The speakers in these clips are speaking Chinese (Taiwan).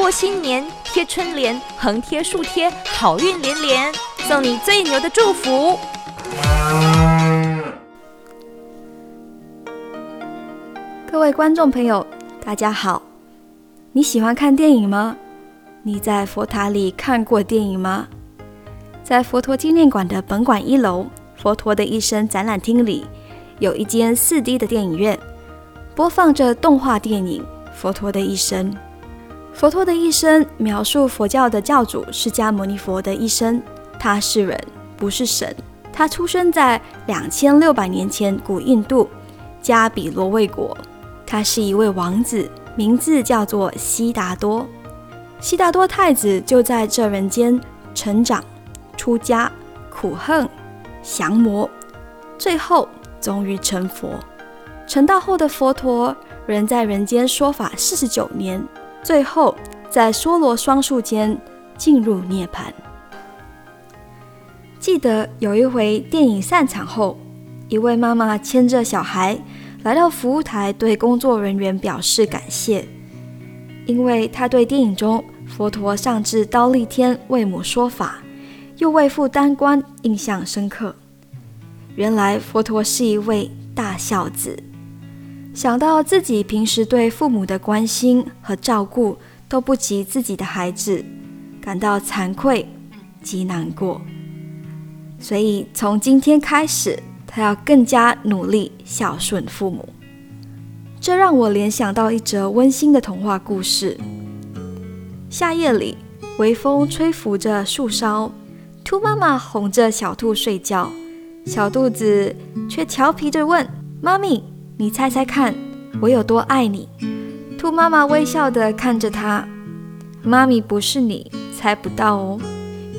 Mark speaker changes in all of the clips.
Speaker 1: 過新年，貼春聯，橫貼豎貼，好運連連。送你最牛的祝福。各位觀眾朋友，大家好。你喜歡看電影嗎？你在佛塔裡看過電影嗎？在佛陀紀念館的本館一樓，佛陀的一生展覽廳裡，有一間 4D 的電影院，播放着動畫電影《佛陀的一生》。佛陀的一生描述佛教的教主釋迦牟尼佛的一生。他是人，不是神。他出生在兩千六百年前古印度迦毗羅衛國。他是一位王子，名字叫做悉達多。悉達多太子就在這人間成長、出家、苦恨、降魔，最後終於成佛。成道後的佛陀，仍在人間說法四十九年。最後，在娑羅雙樹間進入涅槃。記得有一回電影散場後，一位媽媽牽着小孩來到服務台，對工作人員表示感謝，因為她對電影中佛陀上至忉利天為母說法，又為父擔棺印象深刻。原來佛陀是一位大孝子。想到自己平時對父母的關心和照顧都不及自己的孩子，感到慚愧及難過，所以從今天開始，他要更加努力孝順父母。這讓我聯想到一則溫馨的童話故事：夏夜裡，微風吹拂着樹梢，兔媽媽哄着小兔睡覺，小兔子卻調皮地問：“媽咪。”你猜猜看，我有多愛你？兔媽媽微笑地看着它，媽咪不是你猜不到哦。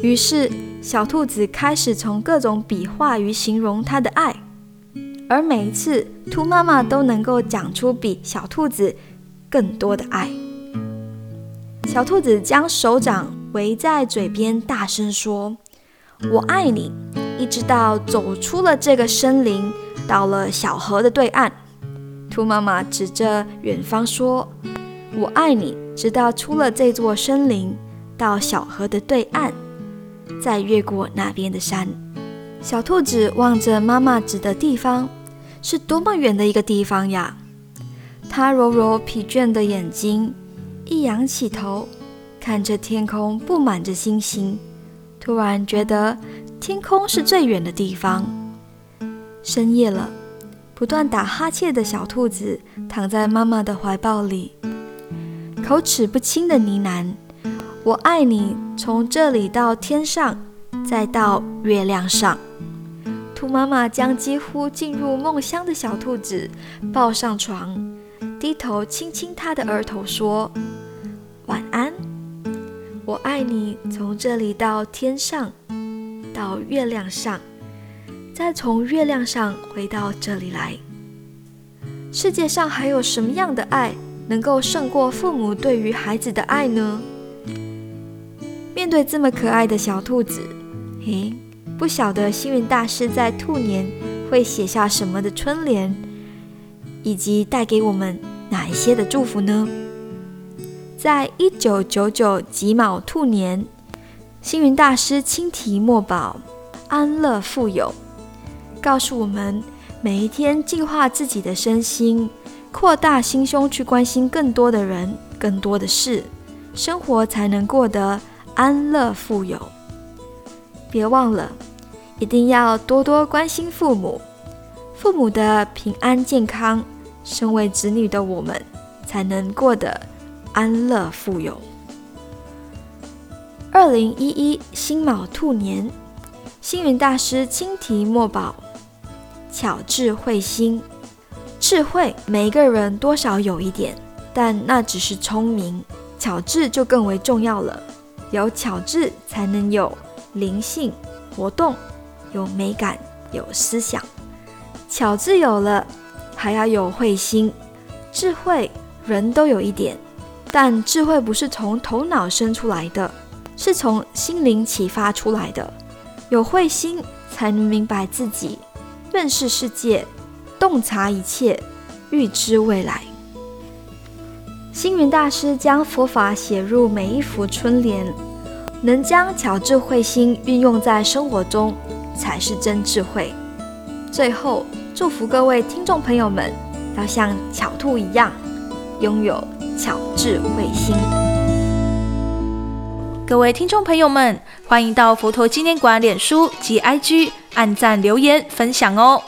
Speaker 1: 於是小兔子開始從各種比劃與形容它的愛，而每一次兔媽媽都能夠講出比小兔子更多的愛。小兔子將手掌圍在嘴邊，大聲說：“我愛你！”一直到走出了這個森林，到了小河的對岸。兔媽媽指着遠方說：“我愛你，直到出了這座森林，到小河的對岸，再越過那邊的山。”小兔子望着媽媽指的地方，是多麼遠的一個地方呀！它揉揉疲倦的眼睛，一仰起頭，看着天空布滿着星星，突然覺得天空是最遠的地方。深夜了。不斷打哈欠的小兔子躺在媽媽的懷抱裡，口齒不清的呢喃：“我愛你，從這裡到天上，再到月亮上。”兔媽媽將幾乎進入夢鄉的小兔子抱上床，低頭親親它的額頭，說：“晚安，我愛你，從這裡到天上，到月亮上。”再從月亮上回到這裡來。世界上還有什麼樣的愛能夠勝過父母對於孩子的愛呢？面對這麼可愛的小兔子，嘿，不曉得星雲大師在兔年會寫下什麼的春聯，以及帶給我們哪一些的祝福呢？在一九九九己卯兔年，星雲大師親題墨寶：“安樂富有。”告訴我們，每一天淨化自己的身心，擴大心胸，去關心更多的人、更多的事，生活才能過得安樂富有。別忘了，一定要多多關心父母，父母的平安健康，身為子女的我們才能過得安樂富有。二零一一辛卯兔年，星雲大師親題墨寶。巧智慧心，智慧每一個人多少有一點，但那只是聰明。巧智就更為重要了。有巧智，才能有靈性活動，有美感，有思想。巧智有了，還要有慧心。智慧人都有一點，但智慧不是從頭腦生出來的，是從心靈啟發出來的。有慧心，才能明白自己，認識世界，洞察一切，預知未來。星雲大師將佛法寫入每一幅春聯，能將巧智慧心運用在生活中，才是真智慧。最後，祝福各位聽眾朋友們，要像巧兔一樣，擁有巧智慧心。各位聽眾朋友們，歡迎到佛陀紀念館臉書及 IG 按讚、留言、分享哦。